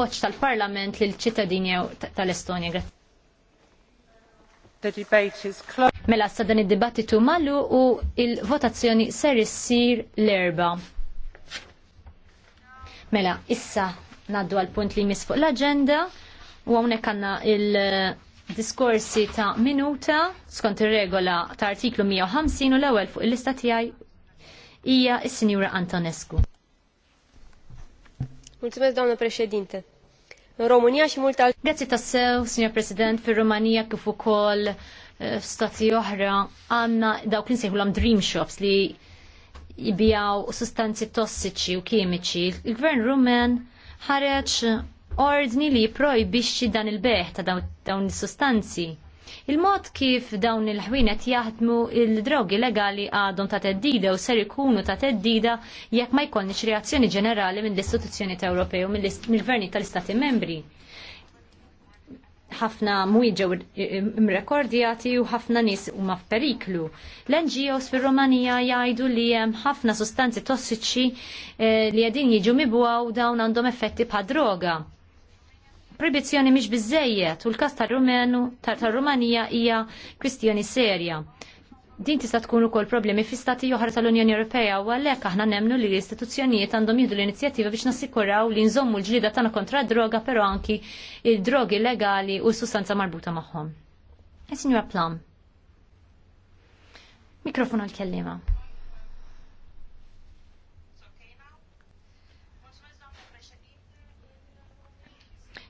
voċ tal-Parlament lil ċittadini tal-Estonja. Mela sa dan id-dibattitu mallu u il-votazzjoni ser issir l-erba. Mela, issa naddu għal punt li jmiss fuq l-agenda u għawnek għanna il-diskorsi ta' minuta skont ir-regola ta' artiklu 150 u l-ewwel fuq il-lista tiegħi hija sinjura Antonescu. Mulțumesc, doamnă președinte. În România și multe alte... Grazie tassew, signor President, România, că kif ukoll f'stati eh, oħra għandna dawk li nsejħulhom dream shops li jibijaw sustanzi tossiċi u kimiċi. Il-gvern rumen ħareġ ordni li jipprojbixxi dan il-beħ ta' dawn is-sustanzi Il-mod kif dawn il-ħwienet jaħdmu il-drogi legali għadhom ta' teddida u ser ikunu ta' teddida jekk ma jkollniex reazzjoni ġenerali mill-istituzzjoni ta' Ewropew u mill verni tal-Istati membri ħafna mwiġew eh, mrekordjati u ħafna nis huma f'periklu. L-NGOs fir-Romanija jgħidu li hemm ħafna sostanzi tossiċi eh, li qegħdin jiġu u dawn għandhom effetti bħad droga proibizzjoni mhix biżejjed u l-każ tar-Rumenu tar-Rumanija hija kwistjoni serja. Din tista' tkun ukoll problemi fi stati oħra tal-Unjoni Ewropea u għalhekk aħna nemmnu li l-istituzzjonijiet għandhom jieħdu l-inizjattiva biex nassikuraw li nżommu l-ġlida tagħna kontra droga però anki il-drogi legali u s-sustanza marbuta magħhom. Eh, signora Plum. Mikrofon għal-kellima.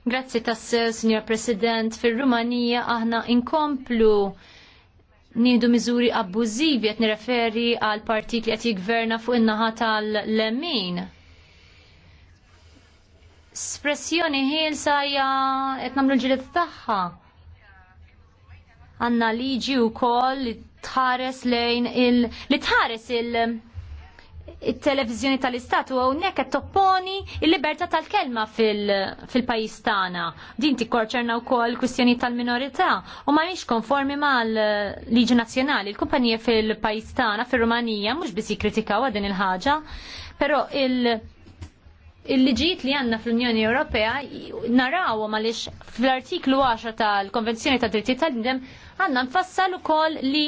Grazzi tas Signor President, fil-Rumanija aħna inkomplu nidu miżuri abbużivi qed nirreferi għal partit li qed jigverna fuq in-naħa tal-lemin. Spressjoni ħielsa hija qed nagħmlu ġilet tagħha. Għanna liġi wkoll li tħares lejn il li tħares il il-televizjoni tal-istat u għonek qed topponi il-libertà tal-kelma fil-pajis tagħna. Din tikkorċerna wkoll kwistjoni tal-minorità u ma mhix konformi mal-liġi nazzjonali. Il-kumpanija fil-pajis tagħna fir-Rumanija mhux biss jikkritikaw din il-ħaġa, però il- il-liġijiet li għanna fl-Unjoni Ewropea naraw għaliex fl-artiklu 10 tal-Konvenzjoni tad Dritti tal-Bnidem għanna nfassal ukoll li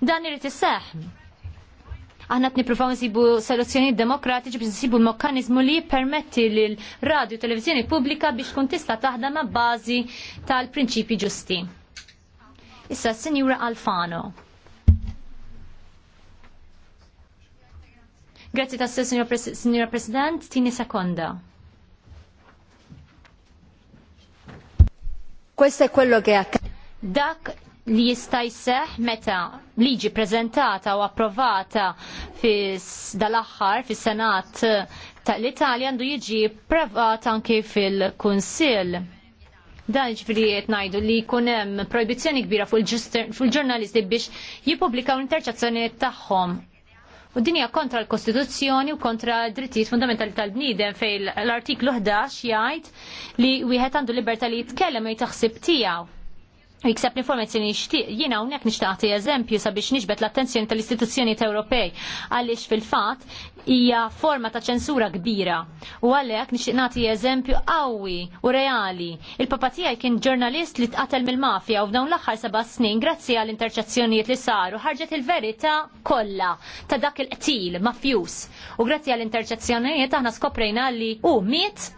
dan irid isseħħ Aħna qed nippruvaw nsibu soluzzjonijiet demokratiċi biex nsibu l mekkaniżmu li jippermetti lil radio u televiżjoni pubblika biex tkun tista' taħdem ma' bażi tal-prinċipji ġusti. Issa, Sinjura Alfano. Grazie ta' se, signora, Pres signora President, tini seconda. Questo è quello che accade. Dak li jista' jseħħ meta liġi preżentata u approvata fis dal-aħħar fis-Senat tal-Italja għandu jiġi provat anke fil-Kunsill. Dan ġifri qed ngħidu li jkun hemm projbizzjoni kbira fuq ġurnalisti biex jippubblikaw l-interċazzjonijiet tagħhom. U dinja kontra l-Kostituzzjoni u kontra drittijiet fundamentali tal-bniedem fejn l-artiklu 11 jgħid li wieħed għandu libertà li jitkellem u jtaħsib tiegħu Jiksab l-informazzjoni jixtieq, jina hawnhekk nixtaqti eżempju sabiex nixbet l-attenzjoni tal-istituzzjoni Ewropej għaliex fil-fatt hija forma ta' ċensura kbira u għalhekk nixtieq nagħti eżempju qawwi u reali. Il-papa tiegħi kien ġurnalist li tqatel mill-mafja u f'dawn l-aħħar seba' snin grazzi għall interċazzjonijiet li saru ħarġet il-verità kollha ta' dak il-qtil mafjus. U grazzi għall interċazzjonijiet aħna skoprejna li u miet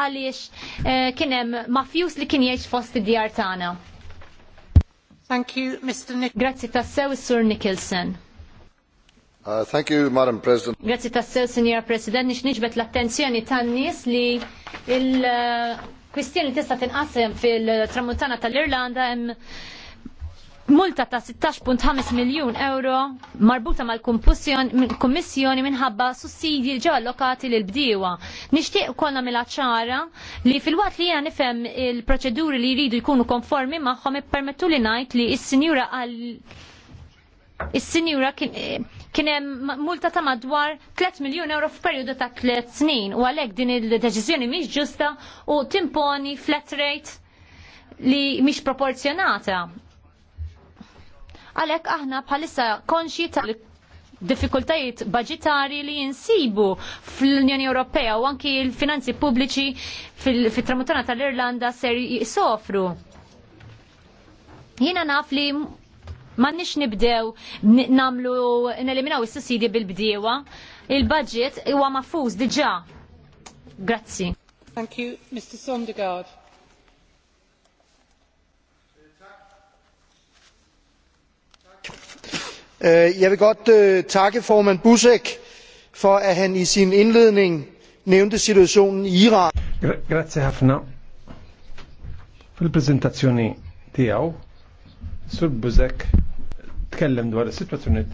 għaliex eh, kien hemm mafjus li kien jgħix fost id-djar tagħna. Thank you, Mr. Nick. Grazzi tassew is-Sur Nicholson. Uh, thank you, Madam President. Grazzi tassew, Signor President, nix nixbet l-attenzjoni tan-nies li il- uh, kwistjoni tista' tinqasem fil-tramuntana tal-Irlanda hemm multa ta' 16.5 miljun euro marbuta mal-kummissjoni minħabba sussidji ġew allokati lil bdiewa. Nixtieq kollha mela ċara li fil-waqt li hija nifhem il-proċeduri li jridu jkunu konformi magħhom ippermettu li ngħid li s-sinjura għal Is-sinjura kien hemm multa ta' madwar 3 miljun euro f'perjodu ta' 3 snin u għalhekk din il-deċiżjoni mhix ġusta u timponi flat rate li mhix proporzjonata Għalhekk aħna bħalissa konxi ta' diffikultajiet budgetari li jinsibu fl-Unjoni Ewropea u anki l-finanzi pubbliċi fit-tramuntana tal-Irlanda ser jisofru. Jiena naf li nix nibdew namlu neliminaw is-sussidi bil-bdiewa. Il-budget huwa mafuż diġà. Grazzi. Thank you, Mr. Sondergaard. Øh, jeg vil godt øh, takke formand buzek for at han i sin indledning nævnte situationen i iran Grazie ħafna. Fil-prezentazzjoni tiegħu Sur Buzek tkellem dwar is-sitwazzjoni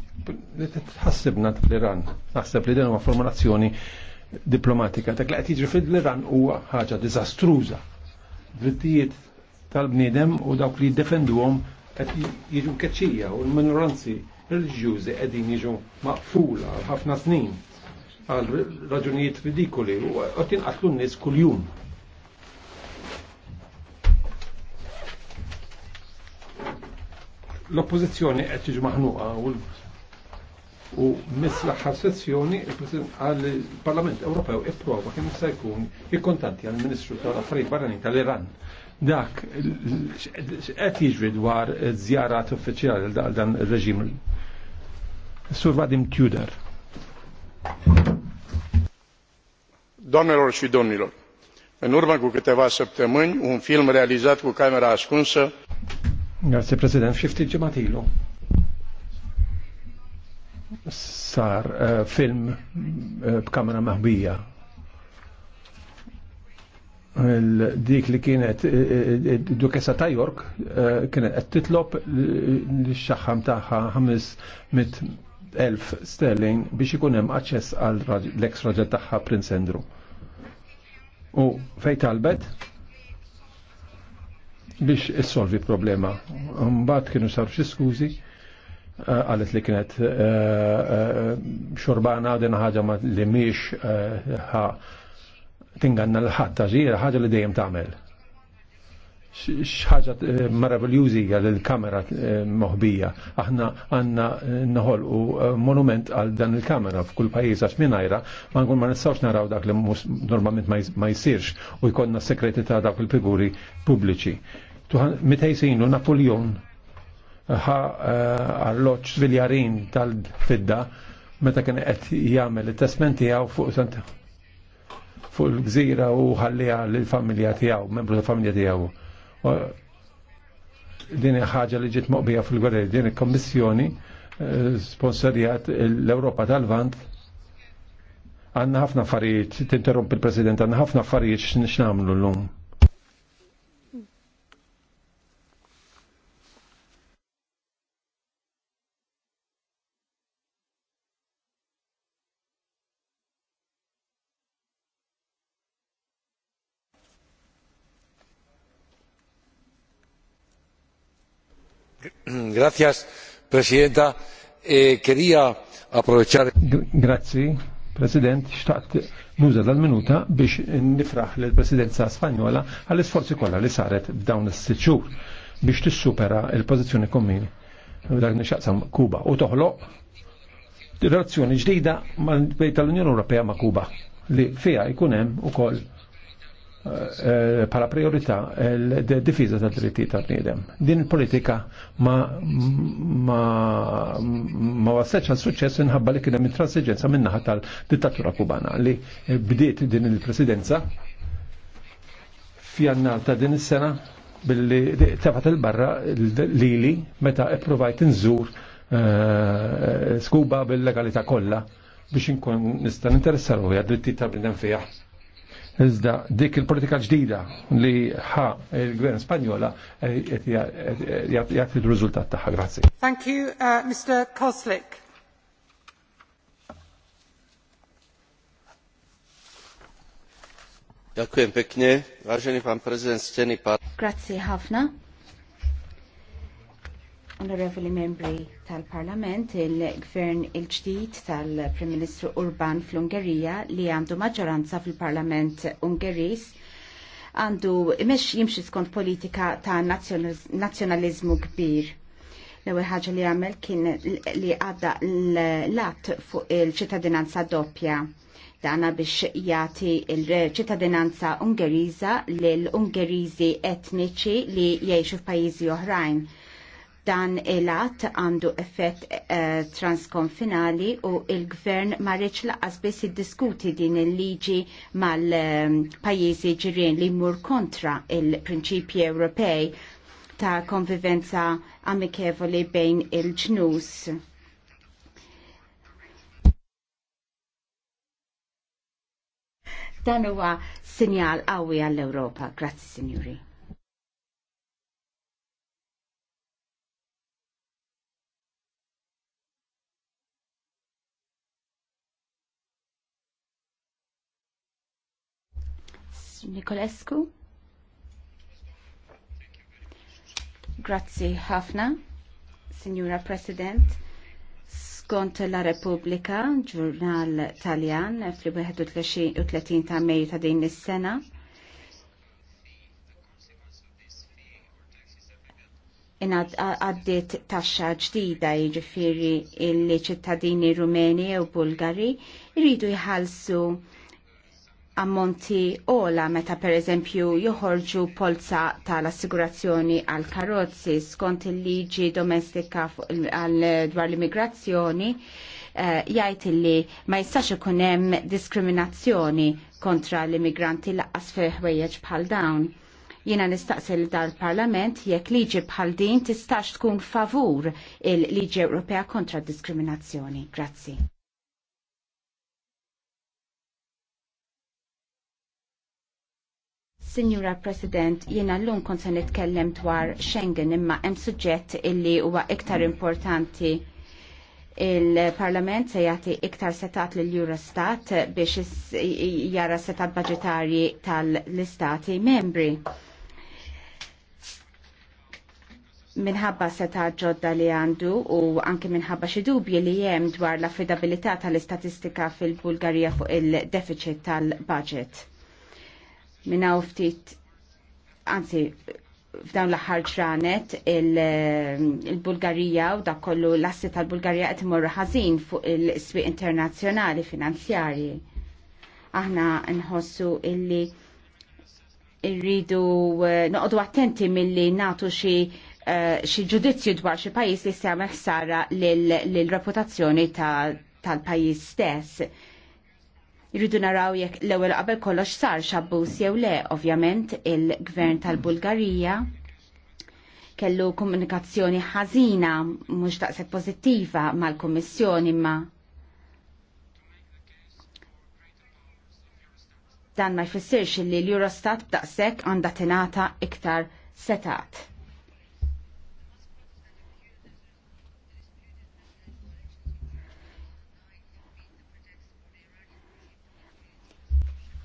li tħassibna fl-Iran. Naħseb li din huwa formulazzjoni diplomatika. Dak li qed jiġri fil-Iran huwa ħaġa diżastruża. Drittijiet tal-bniedem u dawk li jiddefenduhom qed jiġu u l-minoranzi reliġjużi qegħdin jiġu maqfula għal ħafna snin għal raġunijiet ridikoli u qed jinqatlu n-nies kuljum. L-oppożizzjoni qed tiġi maħnuqa u u mis l-aħħar sessjoni il-President għall-Parlament Ewropew ipprova kemm se jkun ikkontanti għall-Ministru tal-Affarijiet Barranin tal-Iran dak qed jiġri dwar żjarat uffiċjali għal dan ir-reġim Sur Vadim Tudor. Doamnelor și domnilor, în urmă cu câteva săptămâni, un film realizat cu camera ascunsă. Grazie, President. Șiftit gematilu. Sar uh, film uh, camera mahbija. dik li kienet dukessa ta' York kienet qed titlob l-xaħam tagħha 500 elf sterling biex ikun hemm aċċess għal l-ex raġel tagħha Prince Andrew. U fej talbet biex issolvi problema. Mbagħad kienu saru xi skużi għalet eh, li kienet eh, eh, xorbana na ħaġa ma li miex tinganna l-ħadd ħaġa li dejjem tagħmel xaġa eh, maraviljużi għal il-kamera eh, moħbija. Aħna għanna eh, naħol u monument għal dan il-kamera f'kull pajjiż għax minajra, ma nkun ma nistgħux naraw dak li normalment ma jsirx u jkollna sekreti ta' dak il-figuri pubbliċi. Mitej sinu Napoljon ħa arloċ viljarin tal-fidda meta kien qed jagħmel it-testment tiegħu fuq fuq il-gżira u ħalliha lill-familja tiegħu, membru tal-familja tiegħu din ħaġa li ġiet moqbija fil gwerer din il-Kommissjoni eh, sponsorjat l-Europa tal-Vant għanna ħafna affarijiet, t-interrompi il-President, għanna ħafna affarijiet x'namlu l-lum. Grazie, Presidenta. Kerija eh, approċċar. Grazzi, President, xtaqt nuża dal-minuta biex nifraħ l presidenza Spanjola għall-isforzi kollha li saret f'dawn is-sitt xhur biex tissupera l-pożizzjoni komuni dak nixaqsam Kuba u toħloq relazzjoni ġdida mal-bejt tal-Unjoni Ewropea ma' Kuba li fija jkun hemm ukoll Eh, para priorità l difesa tad diritti tal-bniedem. Din il-politika ma ma ma wassetx għal suċċess inħabba li kien hemm minna minnaħa tal-dittatura kubana li bdiet din il-presidenza f'jannar ta' din is-sena billi tefat il-barra lili meta ipprovajt nżur eh, skuba bil-legalità kollha biex inkun nista' ninteressaru għad dritti tal-bniedem fih Iżda dik il-politika ġdida li ħa il-gvern Spanjola eh, jagħti r-riżultat tagħha. Grazzi. Thank you, uh, Mr. Koslik. Dakwem pekne, Vážený pan prezident, ctený pan. Grazzi, ħafna. Onorevoli membri tal-Parlament, il-Gvern il-ġdid tal-Prim Ministru Urban fl-Ungerija li għandu maġġoranza fil-Parlament Ungeris għandu imex jimxi skont politika ta' nazjonalizmu kbir. L-ewwel ħaġa li għamel kien li għadda l-att fuq il-ċittadinanza doppja dana biex jati il-ċittadinanza Ungeriża l Ungeriżi etniċi li jgħixu f'pajjiżi oħrajn Dan il-att għandu effett uh, transkonfinali u il-gvern ma marriċ laqas biss diskuti din il-liġi mal-pajizi eh, ġirien li mur kontra il-prinċipji Ewropej ta' konvivenza amikevoli bejn il-ġnus. dan huwa sinjal qawwi għall-Ewropa. Grazzi, Sinjuri. Nikolescu. Grazzi ħafna, Signora President. Skont la Repubblika, ġurnal Taljan, fl-31 ta' Mejju ta' din is-sena, għaddiet taxxa ġdida jiġifieri il-ċittadini Rumeni u Bulgari jridu jħallsu ammonti ola meta per eżempju joħorġu polza tal-assigurazzjoni għal karozzi skont il-liġi domestika għal dwar l-immigrazzjoni eh, jgħid li ma jistax ikun hemm diskriminazzjoni kontra l-immigranti laqqas fi ħwejjeġ bħal dawn. Jiena nistaqsil dal-Parlament jekk liġi bħal din tistax tkun favur il-liġi Ewropea kontra d diskriminazzjoni. Grazzi. Signora President, jiena l-lum kont se nitkellem dwar Schengen imma hemm suġġett illi huwa iktar importanti il-Parlament se jagħti iktar setat lil Eurostat biex jara setat budgetarji tal-istati membri. Minħabba seta ġodda li għandu u anke minħabba xi dubji li hemm dwar l-affidabilità tal-istatistika fil-Bulgarija fuq il-deficit tal-budget minna ftit anzi f'dawn l-aħħar ġranet il-Bulgarija u dak kollu l-assi tal-Bulgarija qed imorru ħażin fuq il-swieq internazzjonali finanzjarji. Aħna nħossu illi irridu eh, noqogħdu attenti milli nagħtu xi eh, xi ġudizzju dwar xi pajjiż li jagħmel ħsara lill-reputazzjoni tal-pajjiż stess Irridu naraw jekk l-ewwel qabel kollox sar xabbuż jew le, ovvjament il-Gvern tal-Bulgarija kellu komunikazzjoni ħażina mhux taqseb pożittiva mal-Kummissjoni imma dan ma jfissirx li l-Eurostat b'daqshekk għandha tingħata iktar setat.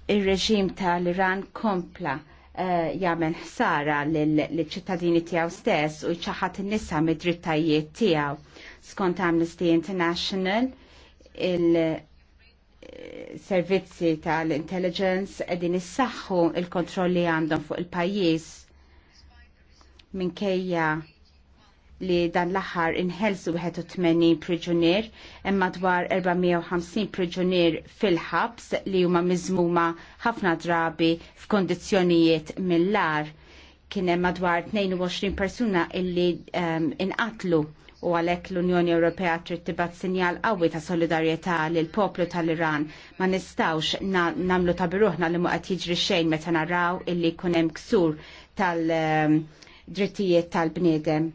il-reġim tal-Iran kompla uh, jagħmel ħsara lill-ċittadini tiegħu stess u jċaħat in-nisa mid-drittajiet tiegħu. Skont Amnesty International, il-servizzi tal-intelligence qegħdin issaħħu il-kontrolli għandhom fuq il-pajjiż minkejja li dan l-aħħar inħelsu 81 priġunier imma dwar 450 priġunier fil-ħabs li huma miżmuma ħafna drabi f'kondizzjonijiet mill-lar. Kien hemm madwar 22 persuna illi um, inqatlu u għalhekk l-Unjoni Ewropea trid tibgħat sinjal qawwi ta' solidarjetà lil poplu tal-Iran ma nistgħux nagħmlu ta' biruħna li ma qed jiġri xejn meta naraw illi jkun hemm ksur tal-drittijiet ehm, tal-bniedem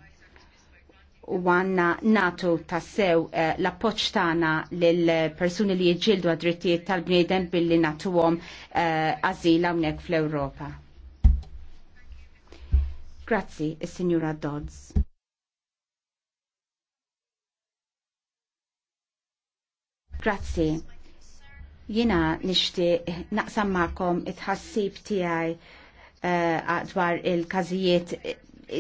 u għanna natu tassew uh, l-appoċ tana l-persuni li jġildu għadrittijiet tal-bniedem billi natu għom uh, eh, azila unnek fl-Europa. Grazzi, signora Dodds. Grazzi. Jina nishti naqsam ma'kom it-ħassib tijaj uh, eh, dwar il-kazijiet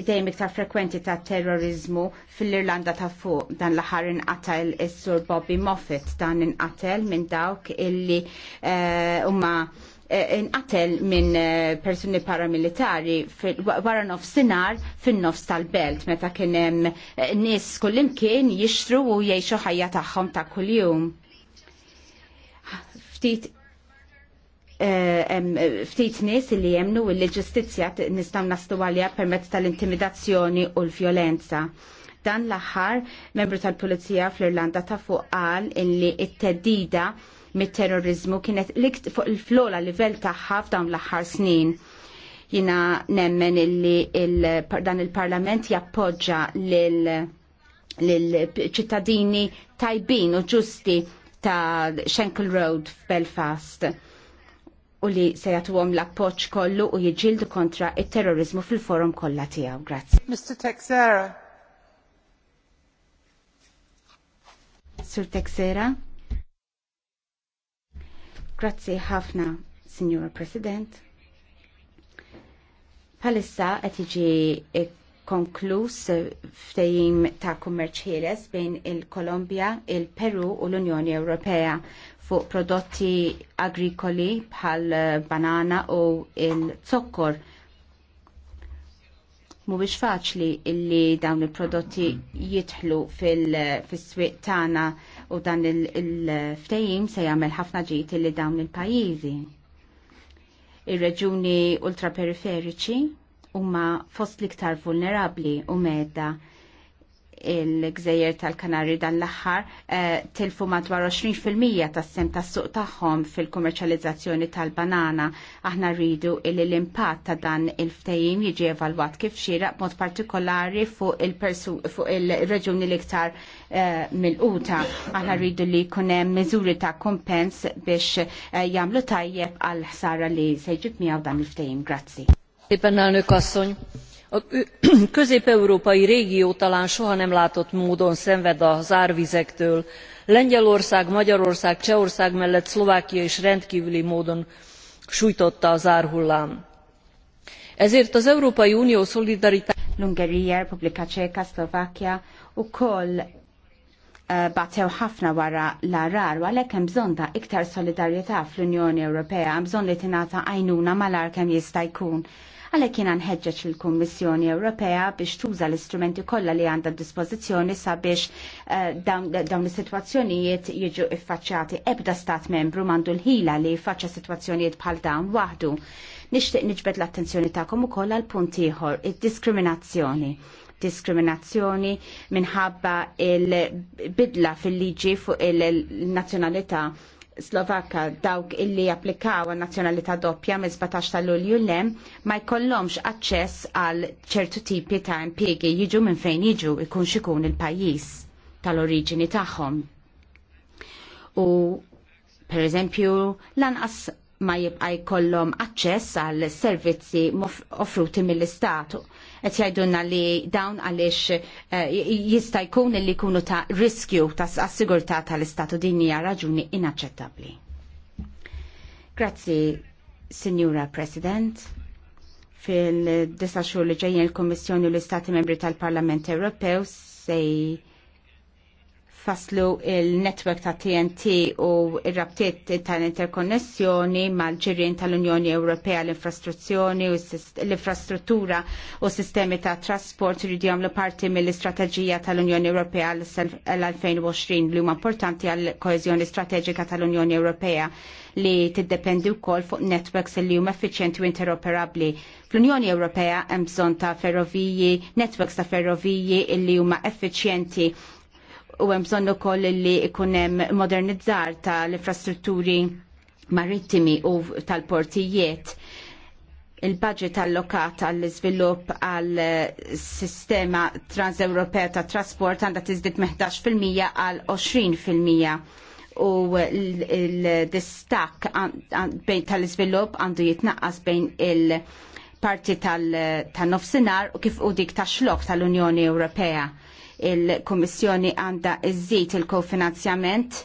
dejjem iktar frekwenti ta' terrorizmu fil-Irlanda ta' fuq dan l-aħħar inqatel is-sur Bobby Moffat dan inqatel minn dawk illi eh, huma uh, inqatel minn eh, persuni paramilitari wara nofsinhar fin-nofs tal-belt meta kien hemm nies kullimkien jixtru u jgħixu ħajja tagħhom ta' kuljum. Ftit Eh, ftit nies li jemnu l ġustizzja nistgħu nastu għalija permezz tal-intimidazzjoni u l-vjolenza. Dan l-aħħar membru tal-Pulizija fl-Irlanda ta' fuq qal illi it-teddida mit-terrorizmu kienet likt fuq il-flola livell tagħha f'dawn l-aħħar snin. Jina nemmen illi dan il-Parlament jappoġġa lil ċittadini tajbin u ġusti ta' Schenkel Road f'Belfast u li se jatwom l-appoġġ kollu u jiġġieldu kontra it-terrorizmu fil-forum kollha tiegħu. Grazie. Mr. Texera. Sur Texera. Grazzi ħafna, Signor President. Palissa qed jiġi konkluż ftehim ta' kummerċ ħieles bejn il-Kolombja, il-Peru u l-Unjoni Ewropea fuq prodotti agrikoli bħal banana u il-zokkor. Mhuwiex faċli illi dawn il-prodotti jidħlu fil-swieq tagħna u dan il-ftehim se jagħmel ħafna ġid illi dawn il-pajjiżi. Ir-reġuni ultraperiferiċi huma fost l-iktar vulnerabbli u medda il-gżejjer tal-Kanari dan l-aħħar eh, tilfu madwar 20% tas-sem tas-suq tagħhom fil-kummerċjalizzazzjoni tal-banana. Aħna rridu il l-impatt ta' dan il-ftehim jiġi evalwat kif xieraq b'mod partikolari fuq il-reġuni l-iktar eh, mill-quta. Aħna rridu li jkun hemm miżuri ta' kompens biex eh, jagħmlu tajjeb għal ħsara li se jġib miegħu dan il-ftehim. Grazzi a közép európai régió talán soha nem látott módon szenved az árvizektől lengyelország magyarország csehország mellett szlovákia is rendkvüli módon sújtotta az árhullám. ezért az európai unió szolidaritása l-Ungerija, Repubblika Ċeka, Slovakkja eh, batew ħafna wara l-arar għalhekk hemm bżonn ta' iktar solidarjetà fl-Unjoni Ewropea, hemm bżonn li tingħata għajnuna malar kemm jista' jkun Għalhekk kien nħeġġeġ lill-Kummissjoni Ewropea biex tuża l-istrumenti kollha li għandha dispożizzjoni sabiex eh, dawn is-sitwazzjonijiet jiġu iffaċċjati ebda stat membru mandu l-ħila li jfaċċa sitwazzjonijiet bħal dawn waħdu. Nixtieq niġbed l-attenzjoni tagħkom ukoll għal punt ieħor, id-diskriminazzjoni diskriminazzjoni minħabba il-bidla fil-liġi fuq il-nazzjonalità il bidla fil liġi fuq il nazzjonalità Slovakka dawk illi applikaw nazzjonalità doppja mill 17 ta' Lulju lem ma jkollhomx aċċess għal ċertu tipi ta' impjiegi jiġu minn fejn jiġu ikun xikun il-pajjiż tal-oriġini tagħhom. U per eżempju lanqas ma jibqa jkollhom aċċess għal servizzi offruti mill-istatu. Qed jgħidulna li dawn għaliex eh, jista' jkun li jkunu ta' riskju ta' s-sigurtà tal-istatu din hija raġuni inaċċettabbli. Grazzi, Signora President. Fil-disa xhur li ġejjin il-Kommissjoni u l-Istati Membri tal-Parlament Ewropew se faslu il-netwerk ta' TNT u il-rabtiet tal-interkonnessjoni mal-ġirien tal-Unjoni Ewropea l-infrastruzzjoni u l-infrastruttura u sistemi ta' trasport rridu jagħmlu parti mill-istrateġija tal-Unjoni Ewropea l-2020 li huma importanti għal koeżjoni strateġika tal-Unjoni Ewropea li tiddependi wkoll fuq netwerks li huma effiċjenti u interoperabbli. Fl-Unjoni Ewropea hemm bżonn ta' ferroviji, netwerks ta' ferroviji li huma effiċjenti u hemm bżonn ukoll li jkun hemm modernizzar tal-infrastrutturi marittimi u tal-portijiet il-budget allokat għall iżvilupp għal sistema transeuropea ta' trasport għandha tiżdid fil-mija għal 20% fil-mija u l-distak bejn tal-iżvilupp għandu jitnaqqas bejn il-parti tan nofsinhar u kif u dik tax xlok tal-Unjoni Ewropea il-Kommissjoni għanda iżżid il-kofinanzjament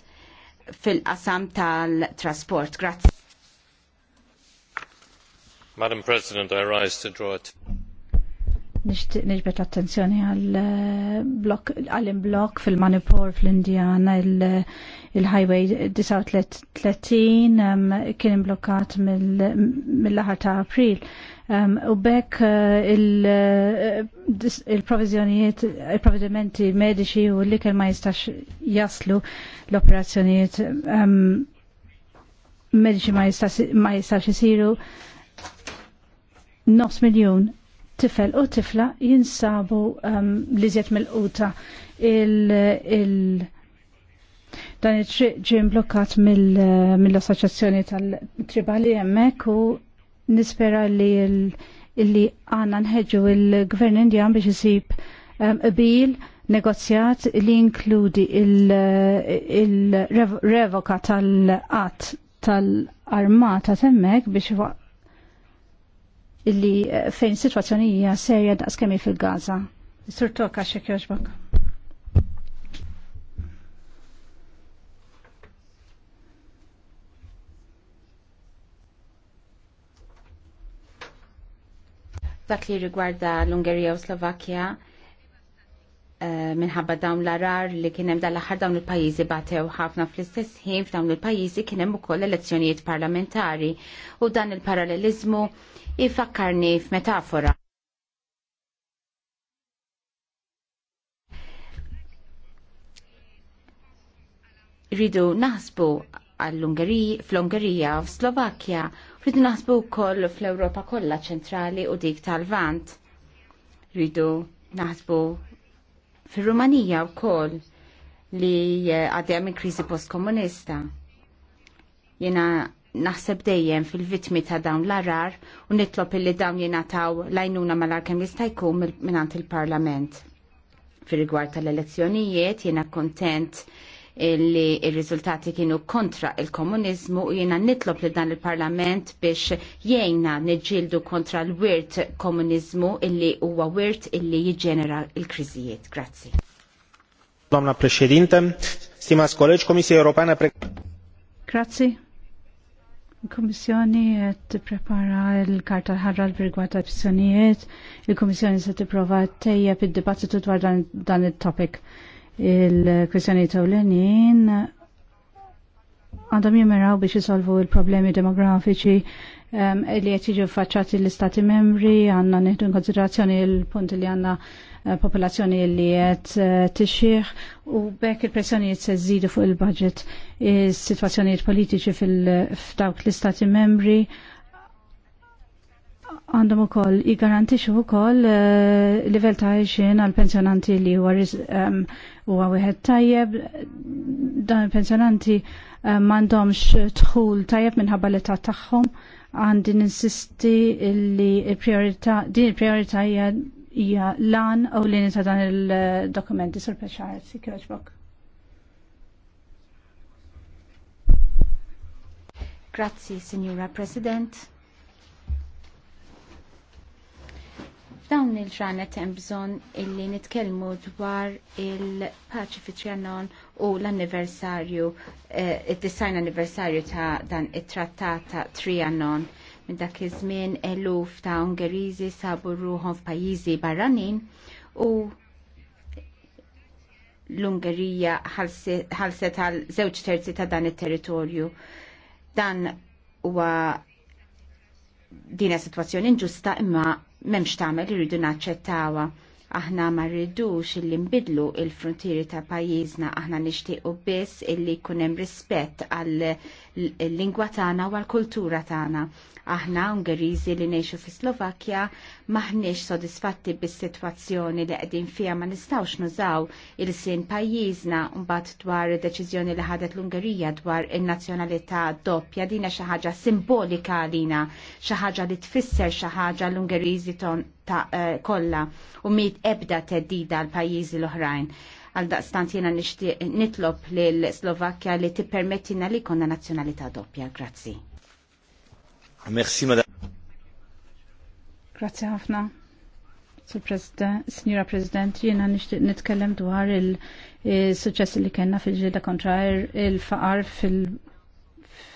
fil-qasam tal-trasport. Grazie. Madam President, I rise to draw it. Nixbet attenzjoni għal-blok, eh, għal-imblok fil-Manipur fl-Indjana, il-Highway 39 kien imblokkat mill-laħar ta' april Um, u bekk uh, uh, il-provizjonijiet, il-provvedimenti medici u l kell ma jistax jaslu l-operazzjonijiet um, medici ma jistax jisiru nofs miljon tifel u tifla jinsabu um, li zjet mill-quta il, il dan triq ġie blokkat mill uh, associazzjoni tal-tribali jemmek u nispera li li għanna nħedġu il-gvern Indjan biex jisib um, bil negozjat li inkludi il-revoka tal-qatt tal-armata temmek biex illi eh, fejn hija serja daqs kemmi fil-Gaza. Sur toka xek dak li rigwarda l-Ungerija u Slovakkja eh, minħabba dawn l-arar li kienem dal-aħħar dawn il-pajjiżi batew ħafna fl-istess ħin f'dawn il-pajjiżi kienem ukoll elezzjonijiet parlamentari u dan il-parallelizmu ifakkarni f'metafora. Ridu naħsbu għall-Ungerija, fl-Ungerija u Slovakkja Bidu naħsbu wkoll fl-Ewropa kollha ċentrali u dik tal-Vant. Rridu naħsbu fir-Rumanija wkoll li għaddejja minn kriżi postkomunista. Jena naħseb dejjem fil-vitmi ta' dawn l-arar u nitlob li dawn jingħataw lajnuna ma l kemm jista' jkun il-Parlament. Fir-rigward tal-elezzjonijiet jiena kontent li il-riżultati kienu kontra il-komunizmu u jiena nitlob li dan il-parlament biex jgħinna niġġieldu kontra l-wirt komunizmu illi huwa wirt illi jiġġenera il-kriżijiet. Grazzi. Domna Președinte, Stimas colegi, Comisia Europeană... Pre... il komissjoni qed tipprepara l-karta ħarra l brigwata pissjonijiet. Il-Kommissjoni se tipprova tejja id-dibattitu dwar dan it-topic il-kwestjoni tawlenin għandhom jimmeraw biex jisolvu il-problemi demografiċi um, li qed jiġu faċċati l-istati membri, għandna nieħdu konsiderazzjoni il-punt li għandna eh, popolazzjoni li qed eh, tixxieħ u bekk il-pressjonijiet se żidu fuq il-budget is-sitwazzjonijiet politiċi fil-dawk l-istati membri għandhom ukoll jiggarantixxu wkoll uh, eh, livell ta' għajxin għal pensjonanti li huwa ehm, huwa um, wieħed tajjeb dan il-pensjonanti uh, m'għandhomx tħul tajjeb minħabba l-età tagħhom għandi ninsisti li priorità din il-priorità hija hija lan u l ta' dan il-dokumenti sur Peshar, si Grazie, Grazzi, Signora President. Dawn il-ġranet hemm bżonn illi nitkellmu dwar il-paċi fi Trianon u l-anniversarju, eh, id-design anniversarju ta' dan it-trattat ta' Trianon. Minn dak iż-żmien eluf ta' Ungeriżi sabu ruħhom f'pajjiżi barranin u l-Ungerija ħalset għal żewġ terzi ta' dan it-territorju. Dan huwa dina situazzjoni inġusta imma memx tamel irridu naċċettawa. Aħna ma rridux illi nbidlu il-frontieri ta' pajjiżna, aħna nixtiequ biss illi jkun hemm rispett għall lingwa tagħna u għall-kultura tagħna. Aħna Ungeriżi li ngħixu fi Slovakkja maħniex sodisfatti bis-sitwazzjoni li qegħdin fiha ma nistgħux nużaw il-sin pajjiżna mbagħad dwar deċiżjoni li ħadet l-Ungerija dwar in-nazzjonalità doppja dina xi ħaġa simbolika għalina, xi ħaġa li tfisser xi ħaġa l-Ungeriżi ton Eh, kolla u mit ebda teddida l pajjiżi l-oħrajn. Għal daqstant jena nitlob l Slovakkja li tippermettina li konna nazzjonalità doppja. Grazzi. Merci, madame. Grazzi ħafna. Signora President, jiena nixtieq nitkellem dwar il-suċess li kellna fil-ġilda kontra il-faqar fil-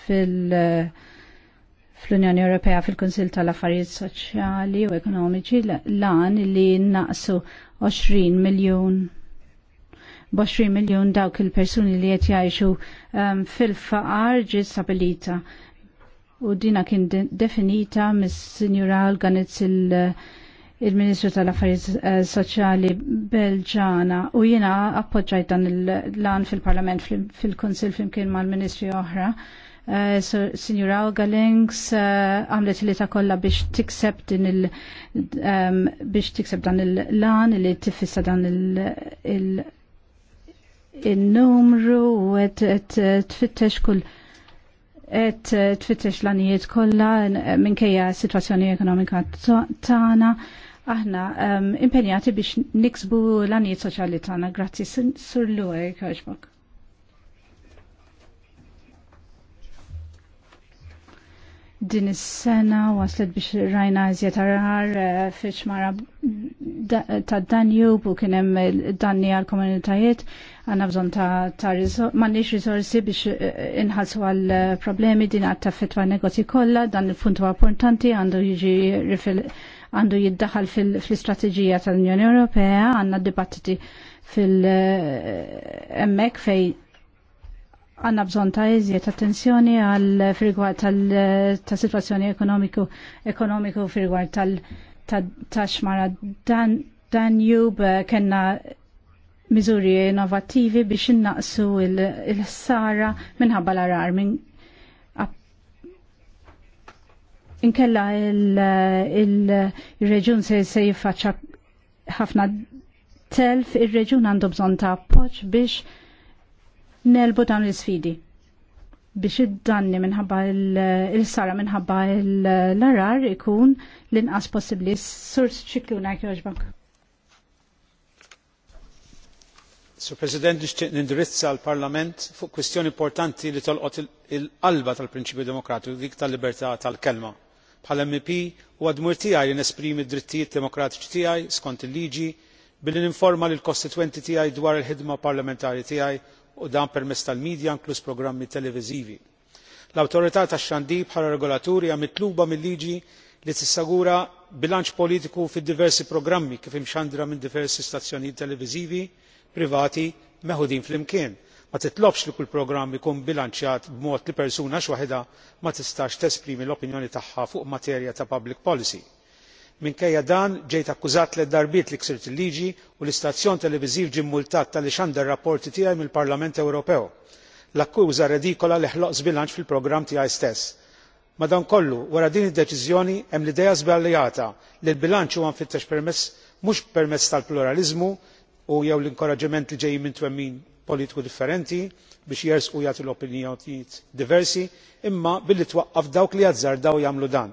fil- fl-Unjoni Ewropea fil-Konsil tal-Affarijiet Soċjali u Ekonomiċi lan li naqsu 20 miljon b'20 miljon dawk il-persuni li qed jgħixu um, fil-faqar ġi sabilita. U dina kien definita mis-Sinjura Alganitz il- il-Ministru tal-Affarijiet eh, Soċjali Belġana u jiena appoġġajt dan il-lan fil-Parlament fil-Konsil flimkien mal-Ministri oħra Eh, Signora Galings eh, għamlet li ta' kolla biex tikseb din il biex tikseb dan il-lan li tifissa dan il-numru u għed tfittex kull et eh, tfittex lanijiet anijiet kolla minkejja situazzjoni ekonomika tana aħna impenjati biex niksbu l-anijiet soċjali tana. Grazzi, Sur Luej, kħoġbok. din is-sena waslet biex rajna iżjed arar eh, fiċ mara ta' Danjub u kien hemm danni għal komunitajiet għandna bżonn ta', ta m'għandniex risorsi biex eh, inħalsu għal eh, problemi din għad taffetwa negozji kollha dan il-punt huwa importanti għandu jiġi għandu jiddaħal fil-istrateġija tal-Unjoni Ewropea għandna dibattiti fil-emmek fej għanna bżon ta' iżjed attenzjoni għal firgwar ta' situazzjoni ekonomiku ekonomiku firgwar tal ta' xmara dan Danjub eh, kena miżuri innovativi biex innaqsu il-sara minħabba l-arar minn inkella il-reġun eh, se se jiffaċċa ħafna telf, il-reġun għandu bżon ta' poċ biex nelbu dawn l-sfidi biex id-danni minħabba il-sara minħabba l-arar ikun l-inqas possibli s-sors ċikluna kjoġbak. Sur President, nixtieq nindirizza l parlament fuq kwistjoni importanti li tolqot il-qalba tal-prinċipju demokratiku dik tal-libertà tal-kelma. Bħal MP u għadmur tiegħi li nesprimi d-drittijiet demokratiċi tiegħi skont il-liġi billi ninforma lill kostitwenti tiegħi dwar il-ħidma parlamentari tiegħi u dan permezz tal-midja inkluż programmi televiżivi. l-awtorità tax-xandir bħala regolaturi hija mitluba mil-liġi li tissagura bilanċ politiku fid-diversi programmi kif imxandra minn diversi stazzjonijiet televiżivi privati meħudin flimkien ma titlobx li kull programm ikun bilanċjat b'mod li persuna waħedha ma tistax tesprimi l-opinjoni tagħha fuq materja ta' public policy minkejja dan ġejt akkużat tliet darbiet li ksirt il-liġi u l-istazzjon televiżiv ġie mmultat taliex għandha r-rapporti tiegħi mill-parlament ewropew l-akkuża redikola li ħloq żbilanċ fil-programm tiegħi stess. madankollu wara din id-deċiżjoni hemm l idea żbaljata li l-bilanċ huwa mfittex permezz mhux permezz tal-pluraliżmu u jew l-inkoraġġiment li ġejjin minn twemmin politiku differenti biex jersqu jagħtu opinjonijiet diversi imma billi twaqqaf dawk li jazzardaw jagħmlu dan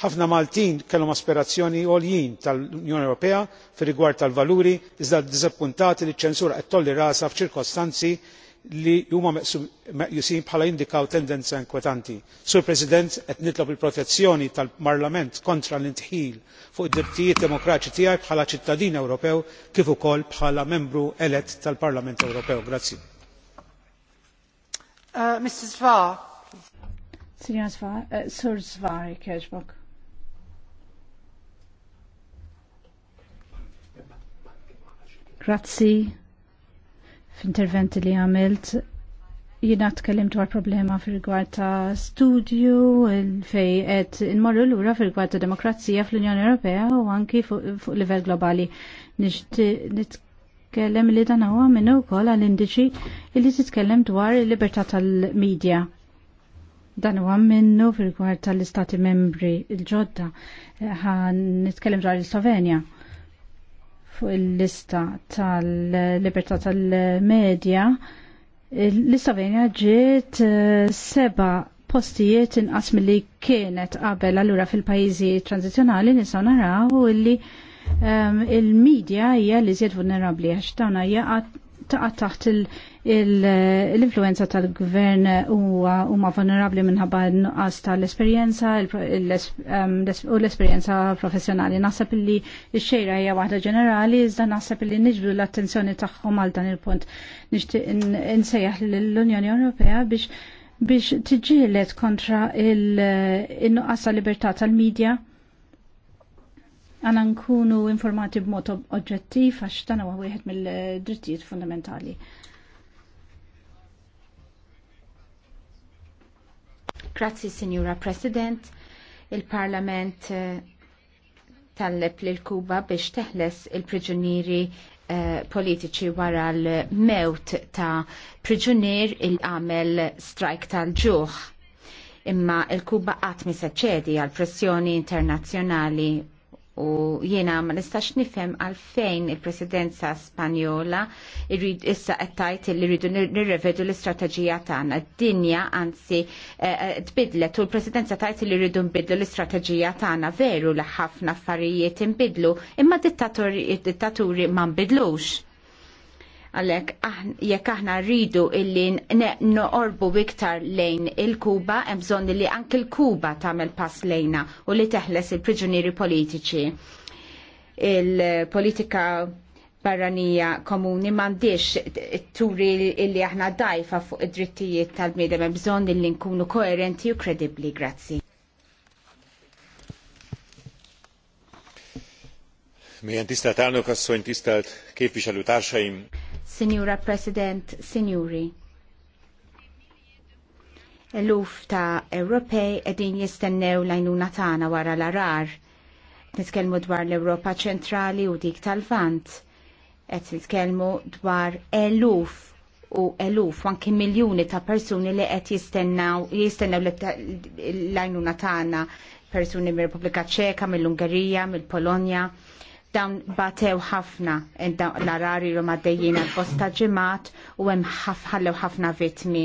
ħafna maltin kellhom aspirazzjoni għoljin tal-unjoni ewropea fir-rigward tal-valuri iżda ddiżappuntati li ċ-ċensura qed tolli rasha f'ċirkostanzi li huma meqjusin bħala jindikaw tendenza inkwetanti. sur president qed nitlob il protezzjoni tal parlament kontra l-intħil fuq id drittijiet demokratiċi tiegħi bħala ċittadin ewropew kif ukoll bħala membru elett tal parlament ewropew. grazzi. Uh, Grazzi f'interventi li għamilt jina tkellim dwar problema fil-rigward ta' studju fej qed inmorru lura fil-rigward ta' demokrazija fl-Unjoni Ewropea u anki fuq livell globali. Nitkellem li dan huwa minnu wkoll għal indiċi li titkellem dwar il-libertà tal-medja. Dan huwa minnu fil-rigward tal-Istati membri il-ġodda. Ħan nitkellem dwar il-Slovenja. il slovenja fuq il-lista tal-libertà tal-medja, l-Slovenja ġiet eh, seba postijiet inqas milli kienet qabel allura fil-pajjiżi tranzizjonali nisaw naraw illi ehm, il-medja hija li żjed vulnerabbli għax dawn hija taqa' taħt l-influenza tal-gvern huwa huma vulnerabbli minħabba nuqqas tal-esperjenza u l-esperjenza professjonali. Naħseb li x-xejra hija waħda ġenerali, iżda naħseb li niġbdu l-attenzjoni tagħhom għal dan il-punt. Nixtieq insejjaħ l-Unjoni Ewropea biex biex tiġġielet kontra il-nuqqas tal-libertà tal-medja għana nkunu informati b'mod oġġettiv għax dan huwa wieħed mill-drittijiet fundamentali. Grazzi, Signora President. Il-Parlament eh, talleb lil Kuba biex teħles il-priġunieri eh, politiċi wara l-mewt ta' priġunier il-għamel strajk tal-ġuħ imma il-Kuba qatt mi seċċedi għal pressjoni internazzjonali u jiena ma nistax nifhem għalfejn il-presidenza Spanjola irrid issa qed tgħid li rridu nirrevedu l-istrateġija tagħna. Dinja anzi eh, eh, tbidlet u l-presidenza tgħid li rridu nbidlu l-istrateġija tagħna veru li ħafna affarijiet inbidlu imma dittaturi ma nbidlux. Għalek, jekk aħna rridu illi noqorbu iktar lejn il-Kuba, bżonn li anki l-Kuba tagħmel pass lejna u li teħles il-priġunieri politiċi. Il-politika barranija komuni m'għandix turi illi aħna dajfa fuq id-drittijiet tal-bniedem, bżonn illi nkunu koerenti u kredibbli. Grazzi. Milyen Signora President, signori! Eluf ta' Ewropej edin jistennew lajnuna tagħna wara l-arar. Nitkelmu dwar l-Ewropa ċentrali u dik tal-Vant. Et nitkelmu dwar eluf u eluf anki miljuni ta' persuni li qed jistennaw jistennew l-għajnuna tagħna persuni mir-Repubblika Ċeka, mill-Ungerija, mill-Polonja dawn batew ħafna l-arari l għaddejjien għal-bosta ġemat u hemm ħallew ħafna vitmi.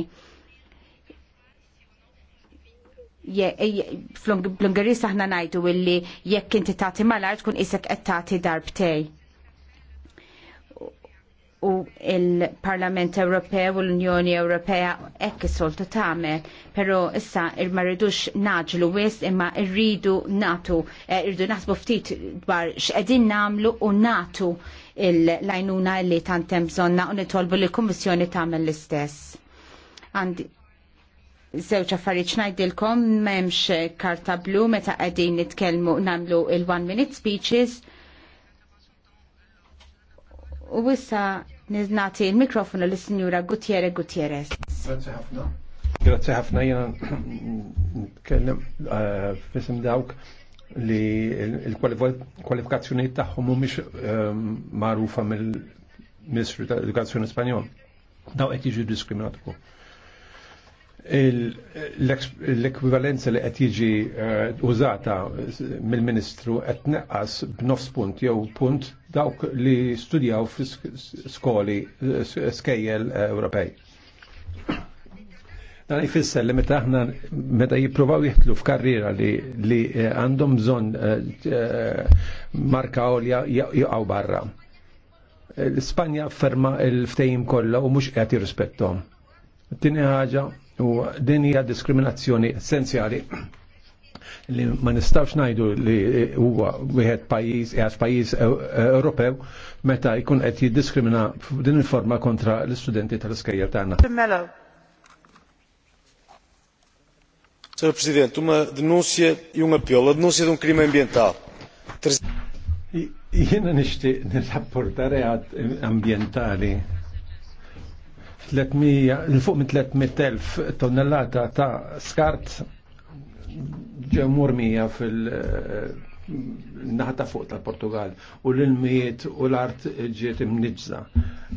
E- fl aħna najdu illi jekk inti tagħti malajr tkun isek qed tagħti darbtej u il-Parlament Ewropew u l-Unjoni Ewropea ekk soltu tagħmel, pero issa ma rridux naġlu wis imma rridu natu, eh, rridu naħsbu ftit dwar x'qegħdin nagħmlu u natu l lajnuna li tantem bżonna u nitolbu li l-Kummissjoni tagħmel l-istess. Għandi żewġ affarijiet ngħidilkom m'hemmx karta blu meta qegħdin nitkellmu nagħmlu il-one minute speeches U wissa niznati il-mikrofonu l-Sinjura Gutierrez Gutierrez. Grazie ħafna. Grazie ħafna jena kellem eh, fissim dawk li il-kwalifikazzjoni tagħhom mhumiex ehm, marufa mill-Ministru ta' edukazzjoni Spanjol. Daw qed jiġu diskriminati l-ekwivalenza li qed jiġi eh, użata mill-Ministru qed tneqqas b'nofs punt jew punt dawk li studjaw fi skoli eh, skejjel eh, Ewropej. Dan jfisser li meta aħna meta jippruvaw jitlu f'karriera li għandhom bżonn marka olja jaqgħu barra. L-Ispanja afferma l-ftejim kollha u mhux qed jirrispettom. Tini ħaġa U din hija diskriminazzjoni essenzjali li ma nistawx najdu li huwa wieħed pajjiż għax pajjiż e- e- Ewropew meta jkun qed jiddiskrimina din il-forma kontra l-istudenti tal-iskejjer tagħna. Sr. Presidente, uma denúncia e um apelo. A denúncia de um crime ambiental. Jiena nixtieq nirrapporta reat ambientali l fuq minn 300.000 tonnellata ta' skart ġew murmija fil- eh, naħta fuq tal-Portugal u l-ilmijiet u l-art ġiet imniġza.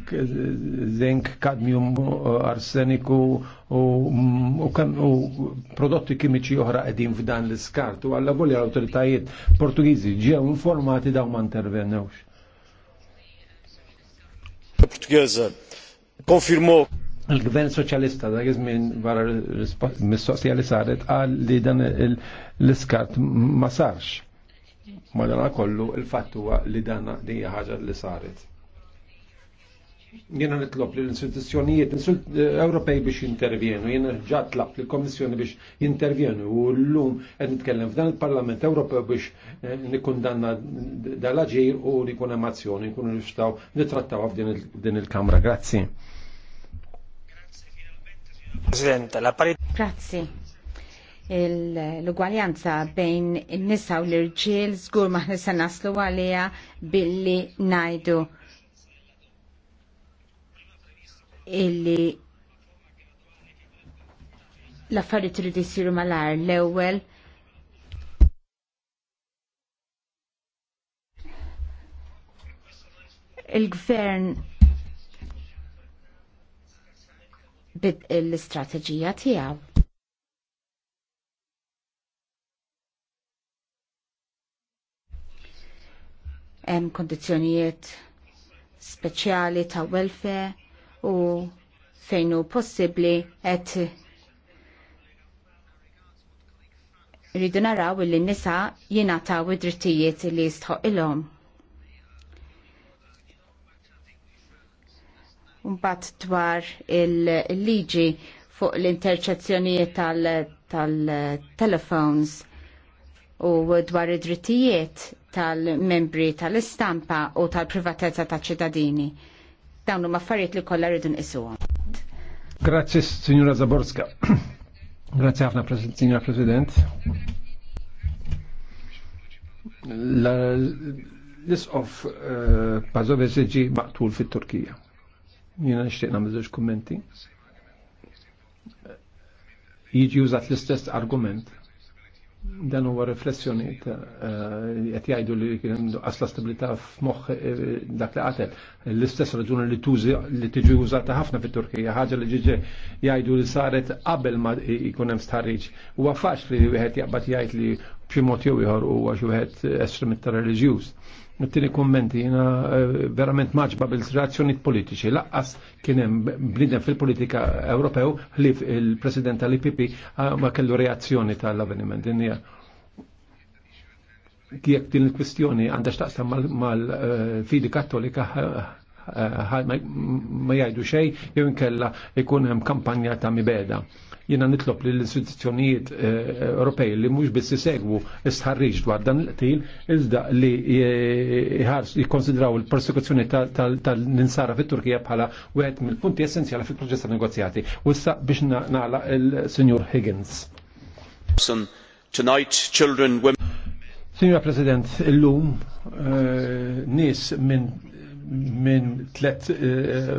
Zink, kadmium, arseniku u prodotti kimiċi oħra qegħdin f'dan l skart u għalla għolja l-autoritajiet Portugiżi ġew informati daw ma intervenewx. Konfirmo. Il-gvern soċjalista da minn wara mistoqsija li saret qal li dan l-iskat ma sarx. Ma dan kollu il-fatt huwa li dan hija ħaġa li saret. Jena nitlob li l-istituzzjonijiet Ewropej biex jintervjenu, jena ġat tlab li l-Komissjoni biex jintervjenu u l-lum għed nitkellem f'dan il-Parlament Ewropew biex eh, nikundanna dal-ġir u li kun emazzjoni, kun nistaw nitrattaw f'din il-Kamra. Grazzi. Presidente, la parità. Grazie. L-ugwaljanza bejn in-nisa u l-irġiel żgur maħna se naslu għalija billi ngħidu illi l-affarijiet irid jsiru malar l-ewwel il-gvern bid l-istrateġija tiegħu. Hemm kondizzjonijiet speċjali ta' welfare u fejn hu possibbli qed rridu naraw li n-nisa jingħataw id-drittijiet li jistħoq ilhom. Mbagħad dwar il-liġi fuq l interċazzjonijiet tal-telephones u dwar id-drittijiet tal-membri tal-istampa u tal-privatezza taċ ċittadini. Dawn huma affarijiet li kollha rridu nqisuhom. Grazie, Signora Zaborska. Grazie ħafna, Signora President. L-isqof eh, Pazovic ġi maqtul fit-Turkija jina nishtiq namlu żewġ kummenti. Jiġi użat l-istess argument dan huwa riflessjoni ta' eh, qed jgħidu li kien hemm asla stabilità f'moħħ eh, dak li qatel. L-istess raġuni li tużi li tiġi użata ħafna fit-Turkija, ħaġa li ġiġi jgħidu li saret qabel ma jkun hemm stħarriġ. Huwa faċli li wieħed jaqbad jgħid li b'xi mod jew ieħor huwa xi wieħed estremit reliġjuż Mittini kommenti, jina eh, verament maġba bil-razzjoniet politiċi. Laqqas kienem bliden fil-politika Ewropew li il-president tal-IPP eh, ma kellu reazzjoni tal-avveniment. Dinja kiek din il-kwistjoni għandax taqsam mal-fidi eh, kattolika ma jgħidu xej jew inkella ikun hemm kampanja ta' mibeda. Jiena nitlob li l-istituzzjonijiet eh, Ewropej li mhux biss isegwu is ħarriġ dwar dan il-qtil, iżda li eh, jikkonsidraw il-persekuzzjoni tal-ninsara fit-Turkija bħala wieħed mill-punti essenzjali fil-proċess ta' negozjati. U issa biex nagħlaq il-Sinjur Higgins. Tonight, children, women. Signor President, illum uh, eh, nis minn minn tlet eh,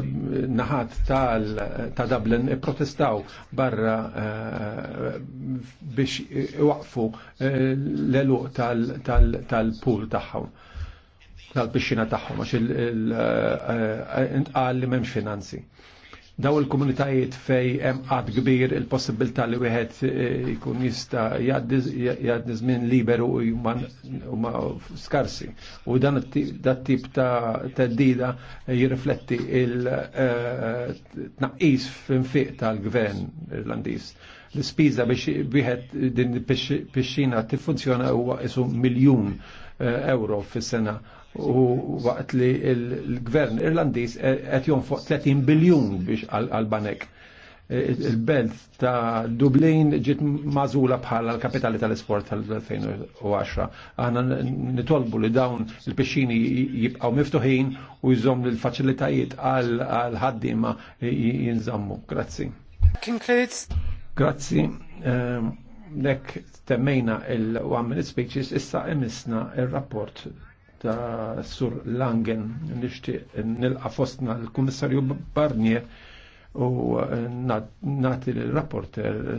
naħat ta' Dublin protestaw barra eh, biex iwaqfu eh, l-eluq tal-pool tagħhom tal-bixxina tagħhom għax intqal li m'hemmx finanzi daw il-komunitajiet fej hemm qatt kbir il-possibilità li wieħed eh, jkun jista' jgħaddi żmien liberu huma skarsi. U dan dat-tip ta' teddida eh, jirrifletti il-tnaqqis eh, f'infiq tal-gvern Irlandiż. L-ispiża biex wieħed din pixxina tiffunzjona huwa isu miljun euro fis-sena u waqt li l-gvern irlandiż e- qed jonfoq 30 biljun biex għal-banek. E- il-belt ta' Dublin ġiet mażula bħala l-kapitali tal-isport tal-2010. Aħna nitolbu li dawn il pixini jibqgħu miftuħin u jżomm l-faċilitajiet għal-ħaddiema jinżammu. Grazzi. Concludes. Grazzi. Nek temmejna il-one minute speeches issa emisna il-rapport ta' Sur Langen nixtieq nilqa' fostna l-Kummissarju Barnier u nati l-rapporter